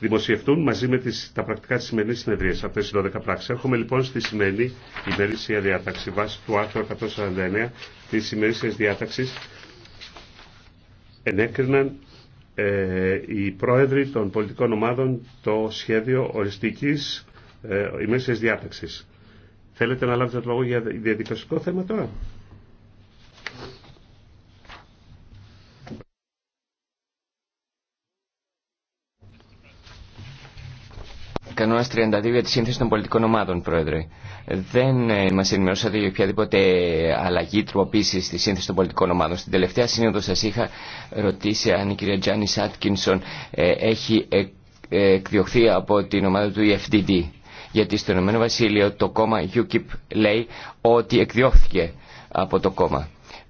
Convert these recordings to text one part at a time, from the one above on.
δημοσιευτούν μαζί με τις, τα πρακτικά της σημερινής συνεδρίας, αυτές οι 12 πράξεις. Έρχομαι λοιπόν στη σημερινή ημερήσια διάταξη βάσει του άρθρου 149 της ημερήσιας διάταξης ενέκριναν ε, οι πρόεδροι των πολιτικών ομάδων το σχέδιο οριστικής ε, ημερήσιας διάταξης. Θέλετε να λάβετε το λόγο για διαδικαστικό θέμα τώρα. κανόνα 32 για τη σύνθεση των πολιτικών ομάδων, Πρόεδρε. Δεν ε, μα ενημερώσατε για οποιαδήποτε αλλαγή, τροποποίηση στη σύνθεση των πολιτικών ομάδων. Στην τελευταία σύνοδο σα είχα ρωτήσει αν η κυρία Τζάνι Άτκινσον ε, έχει ε, εκδιωχθεί από την ομάδα του EFDD. Γιατί στο Ηνωμένο Βασίλειο το κόμμα UKIP λέει ότι εκδιώχθηκε από το κόμμα.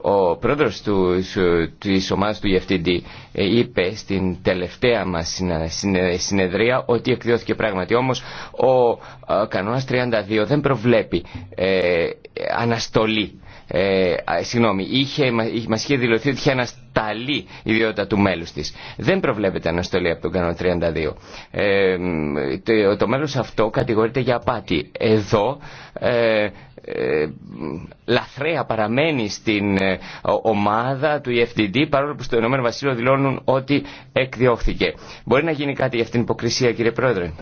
Ο πρόεδρος του, ε, της ομάδας του EFTD ε, είπε στην τελευταία μας συνεδρία ότι εκδιώθηκε πράγματι. Όμως ο ε, κανόνας 32 δεν προβλέπει αναστολή. Ε, συγγνώμη, είχε, μας είχε δηλωθεί ότι είχε αναστολή ταλή ιδιότητα του μέλους της. Δεν προβλέπεται αναστολή από τον κανόνα 32. Ε, το, το μέλος αυτό κατηγορείται για απάτη. Εδώ ε, ε λαθρέα παραμένει στην ε, ομάδα του EFTD παρόλο που στο ΕΒ δηλώνουν ότι εκδιώχθηκε. Μπορεί να γίνει κάτι για αυτήν την υποκρισία κύριε Πρόεδρε.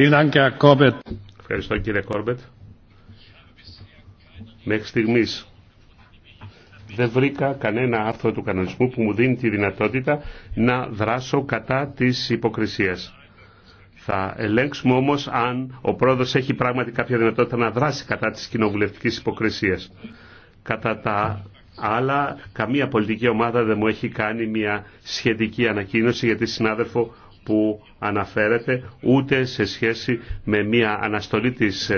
Ευχαριστώ κύριε Κόρμπετ. Μέχρι στιγμής δεν βρήκα κανένα άρθρο του κανονισμού που μου δίνει τη δυνατότητα να δράσω κατά της υποκρισίας. Θα ελέγξουμε όμως αν ο πρόεδρος έχει πράγματι κάποια δυνατότητα να δράσει κατά της κοινοβουλευτικής υποκρισίας. Κατά τα άλλα, καμία πολιτική ομάδα δεν μου έχει κάνει μια σχετική ανακοίνωση για τη συνάδελφο που αναφέρεται ούτε σε σχέση με μια αναστολή της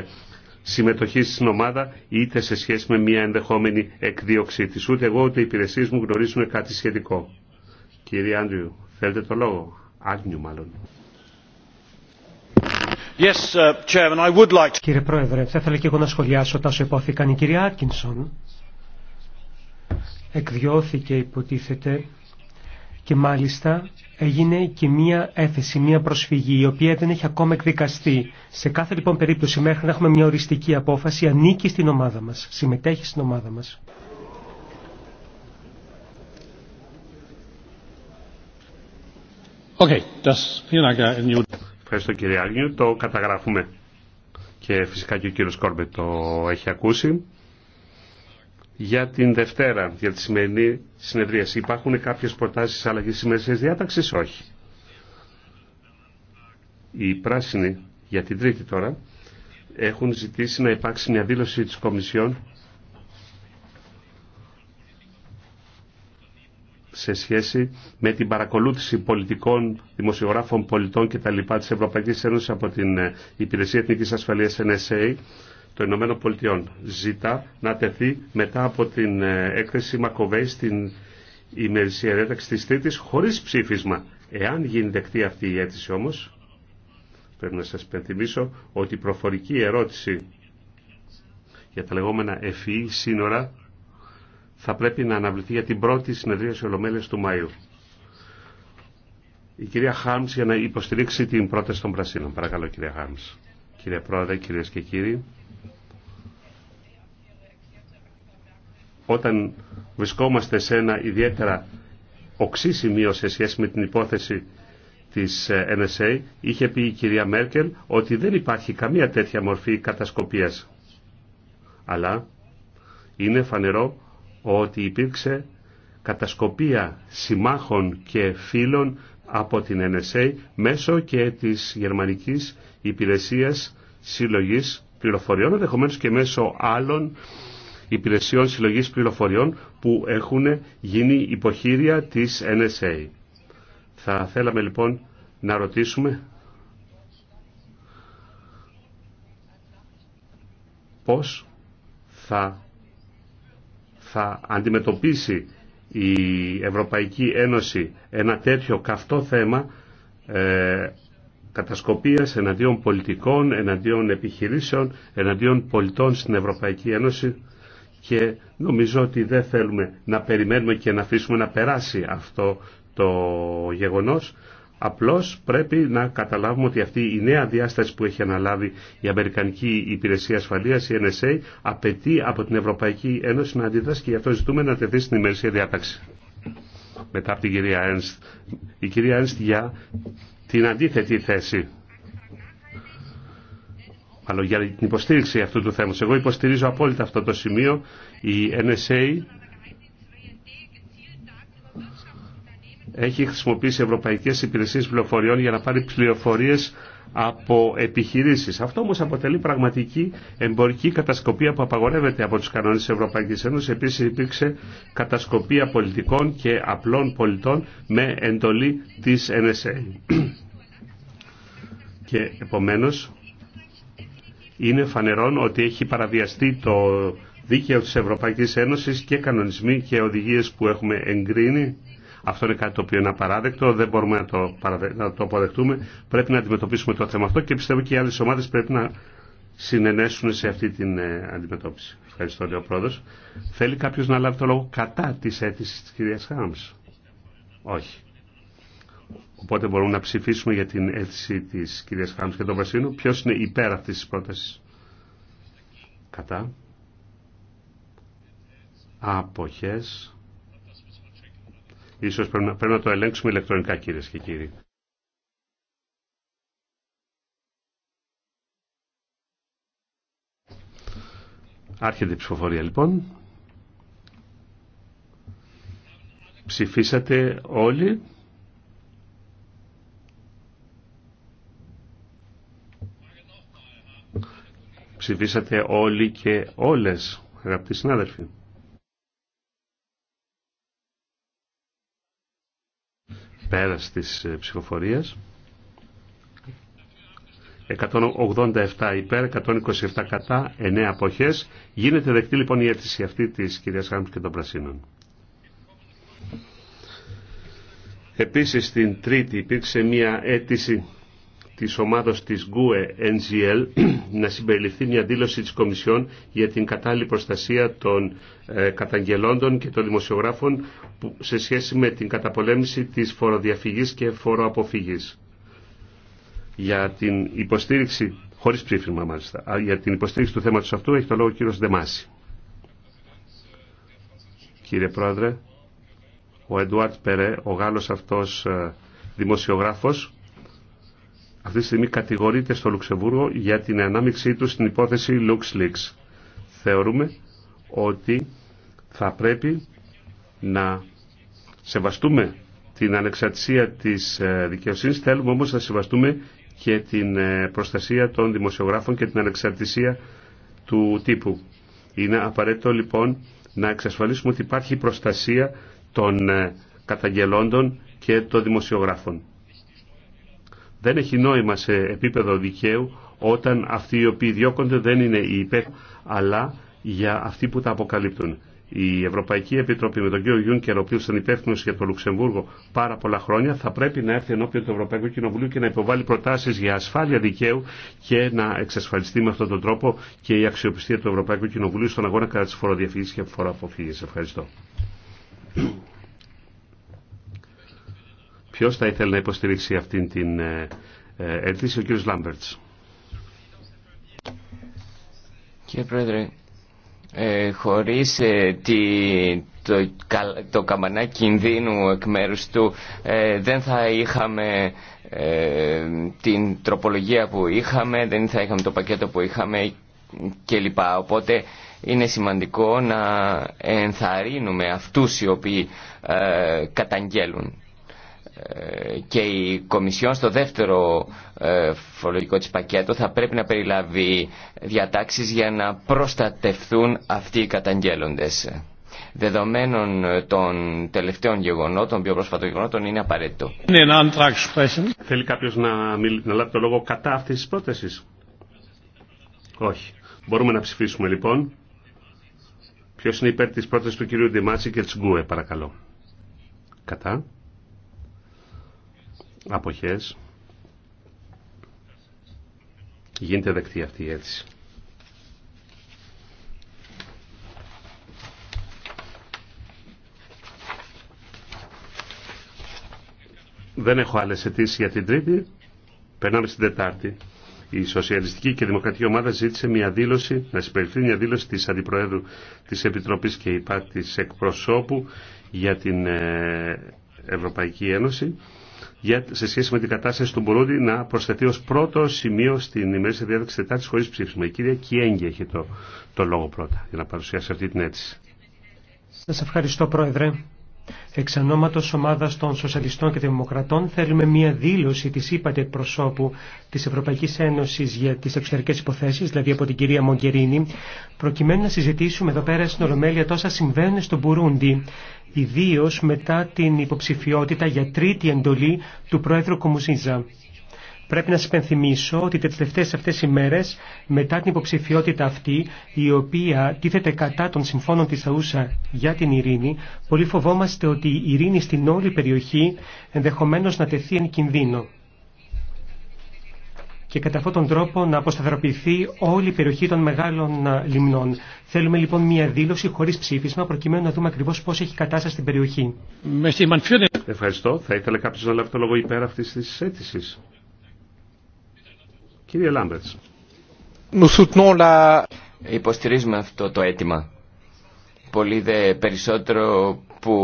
συμμετοχής στην ομάδα είτε σε σχέση με μια ενδεχόμενη εκδίωξή της. Ούτε εγώ ούτε οι υπηρεσίε μου γνωρίζουν κάτι σχετικό. Κύριε Άντριου, θέλετε το λόγο. Άγνιου μάλλον. Yes, uh, I would like Κύριε Πρόεδρε, θα ήθελα και εγώ να σχολιάσω τα όσο υπόθηκαν. Η κυρία Άρκινσον εκδιώθηκε υποτίθεται και μάλιστα έγινε και μία έθεση, μία προσφυγή, η οποία δεν έχει ακόμα εκδικαστεί. Σε κάθε λοιπόν περίπτωση μέχρι να έχουμε μία οριστική απόφαση ανήκει στην ομάδα μας, συμμετέχει στην ομάδα μας. Okay, Ευχαριστώ κύριε Άγνιου, το καταγράφουμε και φυσικά και ο κύριος Κόρμπετ το έχει ακούσει για την Δευτέρα, για τη σημερινή συνεδρίαση. Υπάρχουν κάποιες προτάσεις αλλαγής της σημερινής διάταξης, όχι. Οι πράσινοι για την τρίτη τώρα έχουν ζητήσει να υπάρξει μια δήλωση της Κομισιόν σε σχέση με την παρακολούθηση πολιτικών, δημοσιογράφων, πολιτών κτλ. της Ευρωπαϊκής Ένωσης από την ε, Υπηρεσία Εθνικής Ασφαλείας NSA των Ηνωμένων Πολιτειών ζητά να τεθεί μετά από την ε, έκθεση Μακοβέη στην ημερησία ένταξη της Τρίτης χωρίς ψήφισμα. Εάν γίνει δεκτή αυτή η αίτηση όμως, πρέπει να σας πενθυμίσω ότι η προφορική ερώτηση για τα λεγόμενα FEE e σύνορα θα πρέπει να αναβληθεί για την πρώτη συνεδρία σε Ολομέλειας του Μαΐου. Η κυρία Χάρμ για να υποστηρίξει την πρόταση των Πρασίνων. Παρακαλώ κυρία Χάρμ. Κύριε Πρόεδρε, κυρίες και κύριοι. όταν βρισκόμαστε σε ένα ιδιαίτερα οξύ σημείο σε σχέση με την υπόθεση της NSA, ε, είχε πει η κυρία Μέρκελ ότι δεν υπάρχει καμία τέτοια μορφή κατασκοπίας. Αλλά είναι φανερό ότι υπήρξε κατασκοπία συμμάχων και φίλων από την NSA μέσω και της Γερμανικής Υπηρεσίας Συλλογής Πληροφοριών, ενδεχομένω και μέσω άλλων υπηρεσιών συλλογής πληροφοριών που έχουν γίνει υποχείρια της NSA. Θα θέλαμε λοιπόν να ρωτήσουμε πώς θα, θα αντιμετωπίσει η Ευρωπαϊκή Ένωση ένα τέτοιο καυτό θέμα ε, κατασκοπίας εναντίον πολιτικών, εναντίον επιχειρήσεων, εναντίον πολιτών στην Ευρωπαϊκή Ένωση και νομίζω ότι δεν θέλουμε να περιμένουμε και να αφήσουμε να περάσει αυτό το γεγονός. Απλώς πρέπει να καταλάβουμε ότι αυτή η νέα διάσταση που έχει αναλάβει η Αμερικανική Υπηρεσία Ασφαλείας, η NSA, απαιτεί από την Ευρωπαϊκή Ένωση να αντιδράσει και γι' αυτό ζητούμε να τεθεί στην ημερήσια διάταξη. Μετά από την κυρία Ένστ. Η κυρία Ένστ για την αντίθετη θέση αλλά για την υποστήριξη αυτού του θέματος. Εγώ υποστηρίζω απόλυτα αυτό το σημείο. Η NSA έχει χρησιμοποιήσει ευρωπαϊκές υπηρεσίες πληροφοριών για να πάρει πληροφορίες από επιχειρήσεις. Αυτό όμως αποτελεί πραγματική εμπορική κατασκοπία που απαγορεύεται από τους κανόνες της Ευρωπαϊκής Ένωσης. Επίσης υπήρξε κατασκοπία πολιτικών και απλών πολιτών με εντολή της NSA. και επομένως είναι φανερόν ότι έχει παραβιαστεί το δίκαιο της Ευρωπαϊκής Ένωσης και κανονισμοί και οδηγίες που έχουμε εγκρίνει. Αυτό είναι κάτι το οποίο είναι απαράδεκτο, δεν μπορούμε να το, να το αποδεχτούμε. Πρέπει να αντιμετωπίσουμε το θέμα αυτό και πιστεύω και οι άλλες ομάδες πρέπει να συνενέσουν σε αυτή την ε, αντιμετώπιση. Ευχαριστώ, λέει ο Θέλει κάποιος να λάβει το λόγο κατά της αίτησης της κυρίας Χάμς. Όχι. Οπότε μπορούμε να ψηφίσουμε για την αίτηση της κυρίας Χάμ και των Βασίλου. Ποιο είναι υπέρ αυτή τη πρόταση. Κατά. Αποχές. Ίσως πρέπει να, να το ελέγξουμε ηλεκτρονικά κυρίε και κύριοι. Άρχεται η ψηφοφορία λοιπόν. Ψηφίσατε όλοι. Ψηφίσατε όλοι και όλες, αγαπητοί συνάδελφοι. Πέρας της ψηφοφορίας. 187 υπέρ, 127 κατά, 9 αποχές. Γίνεται δεκτή λοιπόν η αίτηση αυτή της κυρίας Γάμπης και των Πρασίνων. Επίσης στην Τρίτη υπήρξε μια αίτηση της ομάδος της GUE NGL να συμπεριληφθεί μια δήλωση της Κομισιόν για την κατάλληλη προστασία των ε, καταγγελόντων και των δημοσιογράφων σε σχέση με την καταπολέμηση της φοροδιαφυγής και φοροαποφυγής. Για την υποστήριξη, χωρίς ψήφισμα μάλιστα, για την υποστήριξη του θέματος αυτού έχει το λόγο ο κύριος Δεμάση. Κύριε Πρόεδρε, ο Εντουάρτ Περέ, ο Γάλλος αυτός ε, δημοσιογράφος, αυτή τη στιγμή κατηγορείται στο Λουξεμβούργο για την ανάμειξή του στην υπόθεση LuxLeaks. Θεωρούμε ότι θα πρέπει να σεβαστούμε την ανεξαρτησία της ε, δικαιοσύνης, θέλουμε όμως να σεβαστούμε και την ε, προστασία των δημοσιογράφων και την ανεξαρτησία του τύπου. Είναι απαραίτητο λοιπόν να εξασφαλίσουμε ότι υπάρχει προστασία των ε, καταγγελόντων και των δημοσιογράφων δεν έχει νόημα σε επίπεδο δικαίου όταν αυτοί οι οποίοι διώκονται δεν είναι οι υπεύθυνοι, αλλά για αυτοί που τα αποκαλύπτουν. Η Ευρωπαϊκή Επιτροπή με τον κύριο Γιούνκερ, ο οποίο ήταν υπεύθυνο για το Λουξεμβούργο πάρα πολλά χρόνια, θα πρέπει να έρθει ενώπιον του Ευρωπαϊκού Κοινοβουλίου και να υποβάλει προτάσει για ασφάλεια δικαίου και να εξασφαλιστεί με αυτόν τον τρόπο και η αξιοπιστία του Ευρωπαϊκού Κοινοβουλίου στον αγώνα κατά τη φοροδιαφυγή και φοροαποφυγή. Ευχαριστώ. Ποιος θα ήθελε να υποστηρίξει αυτήν την αίτηση, ε, ε, ο κύριος Λάμπερτς. Κύριε Πρόεδρε, ε, χωρίς ε, το, το καμπανά κινδύνου εκ μέρους του δεν θα είχαμε την τροπολογία που είχαμε, δεν θα είχαμε το πακέτο που είχαμε κλπ. Οπότε είναι σημαντικό να ενθαρρύνουμε αυτούς οι οποίοι καταγγέλουν ε, και η Κομισιόν στο δεύτερο ε, φορολογικό της πακέτο θα πρέπει να περιλάβει διατάξεις για να προστατευθούν αυτοί οι καταγγέλλοντες. Δεδομένων των τελευταίων γεγονότων, πιο πρόσφατων γεγονότων, είναι απαραίτητο. Θέλει κάποιος να, λάβει το λόγο κατά αυτής της πρότασης. Όχι. Μπορούμε να ψηφίσουμε λοιπόν. Ποιος είναι υπέρ της πρότασης του κυρίου Ντιμάτση και Γκουε, παρακαλώ. Κατά αποχές γίνεται δεκτή αυτή η αίτηση. Δεν έχω άλλε αιτήσει για την Τρίτη. Περνάμε στην Τετάρτη. Η Σοσιαλιστική και Δημοκρατική Ομάδα ζήτησε μια δήλωση, να συμπεριφθεί μια δήλωση τη Αντιπροέδρου τη Επιτροπή και υπά τη εκπροσώπου για την ε, Ευρωπαϊκή Ένωση για, σε σχέση με την κατάσταση του Μπουρούντι να προσθεθεί ως πρώτο σημείο στην ημερήσια διάδοξη Τετάρτη χωρί ψήφισμα. Η κυρία Κιέγγι έχει το, το λόγο πρώτα για να παρουσιάσει αυτή την αίτηση. Σας ευχαριστώ Πρόεδρε. Εξ ονόματο ομάδας των Σοσιαλιστών και Δημοκρατών θέλουμε μία δήλωση τη ύπατη εκπροσώπου της Ευρωπαϊκής Ένωσης για τις εξωτερικέ υποθέσεις, δηλαδή από την κυρία Μογκερίνη, προκειμένου να συζητήσουμε εδώ πέρα στην Ολομέλεια τόσα συμβαίνουν στο Μπουρούντι, ιδίω μετά την υποψηφιότητα για τρίτη εντολή του Πρόεδρου Κουμουσίζα. Πρέπει να σα υπενθυμίσω ότι τι τελευταίε αυτέ ημέρε, μετά την υποψηφιότητα αυτή, η οποία τίθεται κατά των συμφώνων τη ΑΟΣΑ για την ειρήνη, πολύ φοβόμαστε ότι η ειρήνη στην όλη περιοχή ενδεχομένω να τεθεί εν κινδύνο και κατά αυτόν τον τρόπο να αποσταθεροποιηθεί όλη η περιοχή των μεγάλων λιμνών. Θέλουμε λοιπόν μια δήλωση χωρί ψήφισμα προκειμένου να δούμε ακριβώ πώ έχει κατάσταση στην περιοχή. Ευχαριστώ. Θα ήθελε κάποιο να λάβει το λόγο υπέρ αυτή τη αίτηση. Κύριε Λάμπερτς. Υποστηρίζουμε αυτό το αίτημα. Πολύ δε περισσότερο που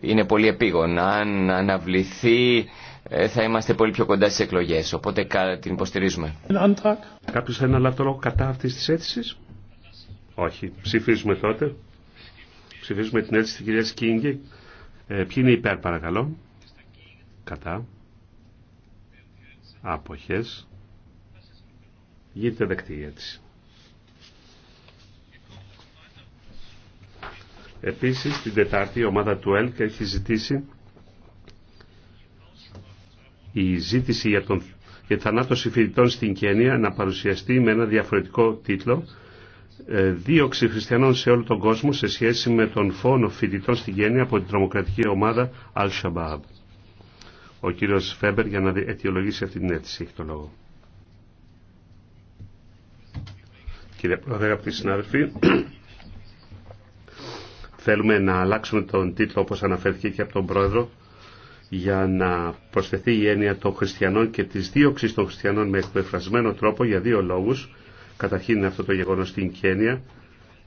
είναι πολύ επίγον. Αν αναβληθεί ε, θα είμαστε πολύ πιο κοντά στις εκλογές. Οπότε την υποστηρίζουμε. Κάποιος θέλει να λάβει το λόγο κατά αυτής της αίτησης. Όχι. Ψηφίζουμε τότε. Ψηφίζουμε την αίτηση της κυρίας Κίνγκη. Ε, ποιοι είναι υπέρ παρακαλώ. Κατά. Αποχές. Γίνεται δεκτή η αίτηση. Επίσης την Τετάρτη η ομάδα του ΕΛΚ έχει ζητήσει η ζήτηση για τον για θανάτωση φοιτητών στην Κένια να παρουσιαστεί με ένα διαφορετικό τίτλο ε, «Δίωξη χριστιανών σε όλο τον κόσμο σε σχέση με τον φόνο φοιτητών στην Κένια από την τρομοκρατική ομάδα Al-Shabaab». Ο κύριος Φέμπερ για να αιτιολογήσει αυτή την αίτηση έχει το λόγο. Κύριε Πρόεδρε, αγαπητοί συνάδελφοι, θέλουμε να αλλάξουμε τον τίτλο όπως αναφέρθηκε και από τον Πρόεδρο για να προσθεθεί η έννοια των χριστιανών και της δίωξης των χριστιανών με εκπεφρασμένο τρόπο για δύο λόγους. Καταρχήν είναι αυτό το γεγονός στην Κένια,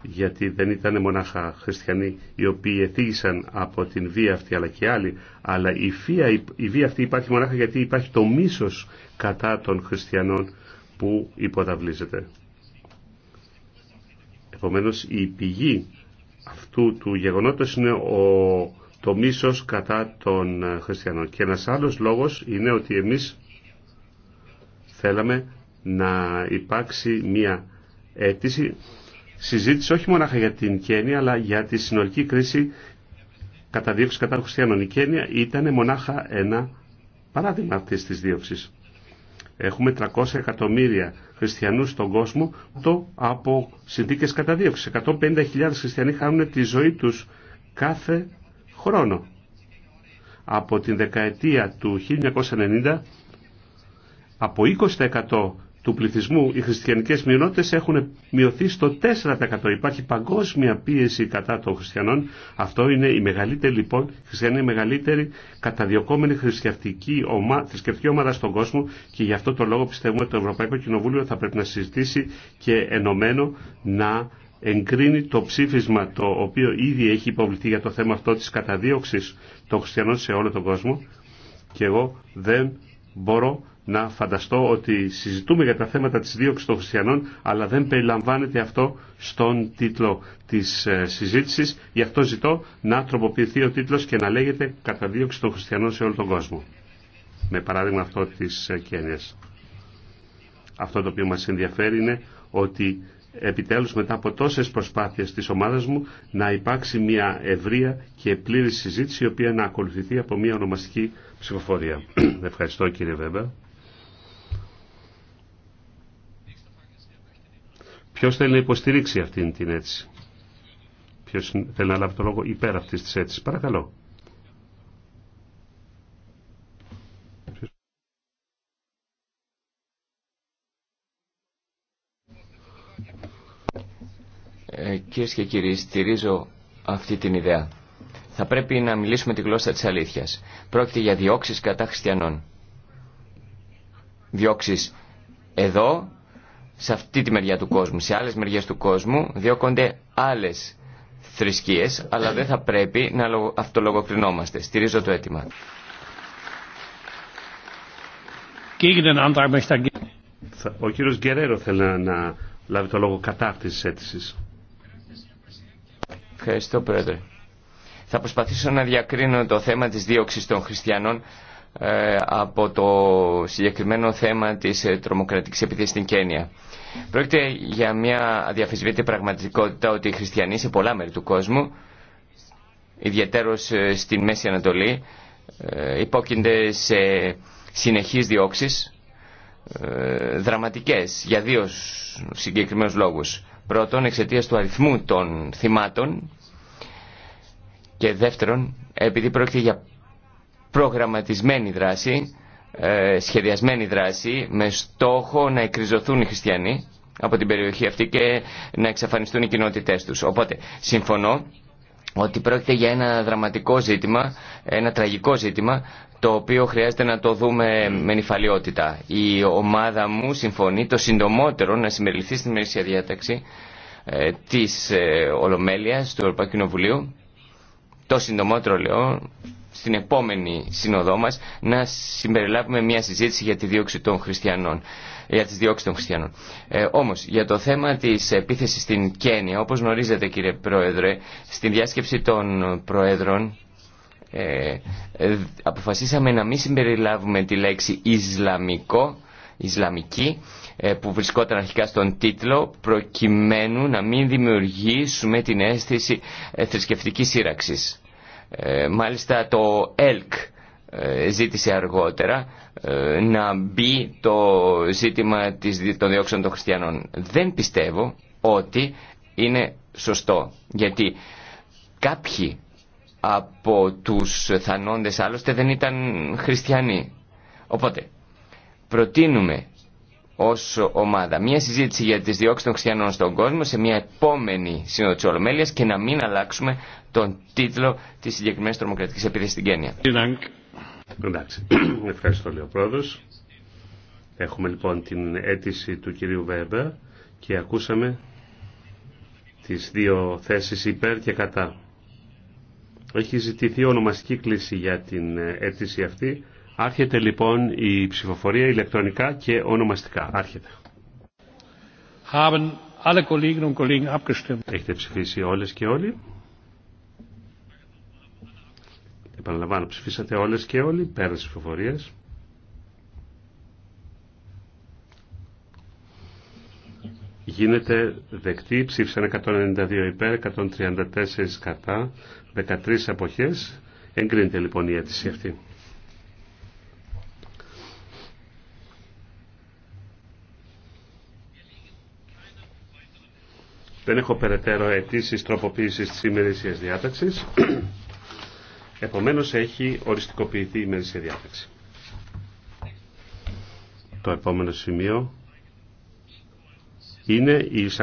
γιατί δεν ήταν μονάχα χριστιανοί οι οποίοι εθίγησαν από την βία αυτή αλλά και άλλοι, αλλά η, η βία αυτή υπάρχει μονάχα γιατί υπάρχει το μίσος κατά των χριστιανών που υποδαβλίζεται. Επομένως η πηγή αυτού του γεγονότος είναι ο, το μίσος κατά των ε, χριστιανών. Και ένας άλλος λόγος είναι ότι εμείς θέλαμε να υπάρξει μια αίτηση συζήτηση όχι μονάχα για την Κένια αλλά για τη συνολική κρίση κατά δίωξη κατά χριστιανών. Η Κένια ήταν μονάχα ένα παράδειγμα αυτής της δίωξης. Έχουμε 300 εκατομμύρια χριστιανούς στον κόσμο το από συνθήκες καταδίωξης. 150.000 χριστιανοί χάνουν τη ζωή τους κάθε χρόνο. Από την δεκαετία του 1990 από 20% του πληθυσμού οι χριστιανικές μειονότητες έχουν μειωθεί στο 4%. Υπάρχει παγκόσμια πίεση κατά των χριστιανών. Αυτό είναι η μεγαλύτερη λοιπόν, χριστιανή η μεγαλύτερη καταδιωκόμενη θρησκευτική ομάδα, ομάδα στον κόσμο και γι' αυτό το λόγο πιστεύουμε ότι το Ευρωπαϊκό Κοινοβούλιο θα πρέπει να συζητήσει και ενωμένο να εγκρίνει το ψήφισμα το οποίο ήδη έχει υποβληθεί για το θέμα αυτό της καταδίωξης των χριστιανών σε όλο τον κόσμο και εγώ δεν μπορώ να φανταστώ ότι συζητούμε για τα θέματα της δίωξης των χριστιανών, αλλά δεν περιλαμβάνεται αυτό στον τίτλο της ε, συζήτησης. Γι' αυτό ζητώ να τροποποιηθεί ο τίτλος και να λέγεται «Κατά δίωξη των χριστιανών σε όλο τον κόσμο». Με παράδειγμα αυτό της ε, Κένιας. Αυτό το οποίο μας ενδιαφέρει είναι ότι επιτέλους μετά από τόσες προσπάθειες της ομάδας μου να υπάρξει μια ευρεία και πλήρη συζήτηση η οποία να ακολουθηθεί από μια ονομαστική ψηφοφορία. Ευχαριστώ κύριε Βέμπερ. Ποιος θέλει να υποστηρίξει αυτήν την αίτηση. Ποιος θέλει να λάβει το λόγο υπέρ αυτής της έτσι; Παρακαλώ. Ε, κυρίες και κύριοι, στηρίζω αυτή την ιδέα. Θα πρέπει να μιλήσουμε τη γλώσσα της αλήθειας. Πρόκειται για διώξεις κατά χριστιανών. Διώξεις εδώ σε αυτή τη μεριά του κόσμου. Σε άλλες μεριές του κόσμου διώκονται άλλες θρησκείες, αλλά δεν θα πρέπει να αυτολογοκρινόμαστε. Στηρίζω το αίτημα. Er ο κύριο Γκερέρο θέλει να λάβει το λόγο κατά αυτής της αίτησης. Ευχαριστώ, Πρόεδρε. Θα προσπαθήσω να διακρίνω το θέμα τη δίωξη των χριστιανών ε, από το συγκεκριμένο θέμα της ε, τρομοκρατικής επίθεσης στην Κένια. Πρόκειται για μια αδιαφεσβήτη πραγματικότητα ότι οι χριστιανοί σε πολλά μέρη του κόσμου, ιδιαίτερως ε, στην Μέση Ανατολή, υπόκεινται σε συνεχείς διώξεις δραματικές για δύο συγκεκριμένους λόγους. Πρώτον, εξαιτία του αριθμού των θυμάτων και δεύτερον, επειδή πρόκειται για προγραμματισμένη δράση, ε, σχεδιασμένη δράση με στόχο να εκριζωθούν οι χριστιανοί από την περιοχή αυτή και να εξαφανιστούν οι κοινότητές τους. Οπότε συμφωνώ ότι πρόκειται για ένα δραματικό ζήτημα, ένα τραγικό ζήτημα, το οποίο χρειάζεται να το δούμε με νυφαλιότητα. Η ομάδα μου συμφωνεί το συντομότερο να συμμεριληθεί στην μερίσια διάταξη ε, της ε, Ολομέλειας του Ευρωπαϊκού Κοινοβουλίου το συντομότερο λέω, στην επόμενη σύνοδό μας να συμπεριλάβουμε μια συζήτηση για τη δίωξη των χριστιανών για τις διώξεις των χριστιανών. Ε, όμως, για το θέμα της επίθεσης στην Κένια, όπως γνωρίζετε κύριε Πρόεδρε, στην διάσκεψη των Προέδρων ε, ε αποφασίσαμε να μην συμπεριλάβουμε τη λέξη Ισλαμικό Ισλαμική ε, που βρισκόταν αρχικά στον τίτλο προκειμένου να μην δημιουργήσουμε την αίσθηση ε, θρησκευτική σύραξης. Ε, μάλιστα το ΕΛΚ ζήτησε αργότερα να μπει το ζήτημα των διώξεων των χριστιανών. Δεν πιστεύω ότι είναι σωστό γιατί κάποιοι από τους θανόντες άλλωστε δεν ήταν χριστιανοί. Οπότε προτείνουμε ως ομάδα μια συζήτηση για τις διώξεις των χριστιανών στον κόσμο σε μια επόμενη σύνοδο της Ολομέλειας και να μην αλλάξουμε τον τίτλο της συγκεκριμένης τρομοκρατικής επίθεσης στην Κένια. Εντάξει, ευχαριστώ λέει Έχουμε λοιπόν την αίτηση του κυρίου Βέμπερ και ακούσαμε τις δύο θέσεις υπέρ και κατά. Έχει ζητηθεί ονομαστική κλίση για την αίτηση αυτή. Άρχεται λοιπόν η ψηφοφορία ηλεκτρονικά και ονομαστικά. Άρχεται. Haben alle und Kollegen abgestimmt. Έχετε ψηφίσει όλες και όλοι. Επαναλαμβάνω, ψηφίσατε όλες και όλοι, πέρα στις ψηφοφορίες. γίνεται δεκτή. Ψήφισαν 192 υπέρ, 134 κατά, 13 αποχές. Εγκρίνεται λοιπόν η αίτηση αυτή. Δεν έχω περαιτέρω αιτήσει τροποποίηση τη ημερήσια διάταξη. Επομένω, έχει οριστικοποιηθεί η ημερήσια διάταξη. Το επόμενο σημείο είναι η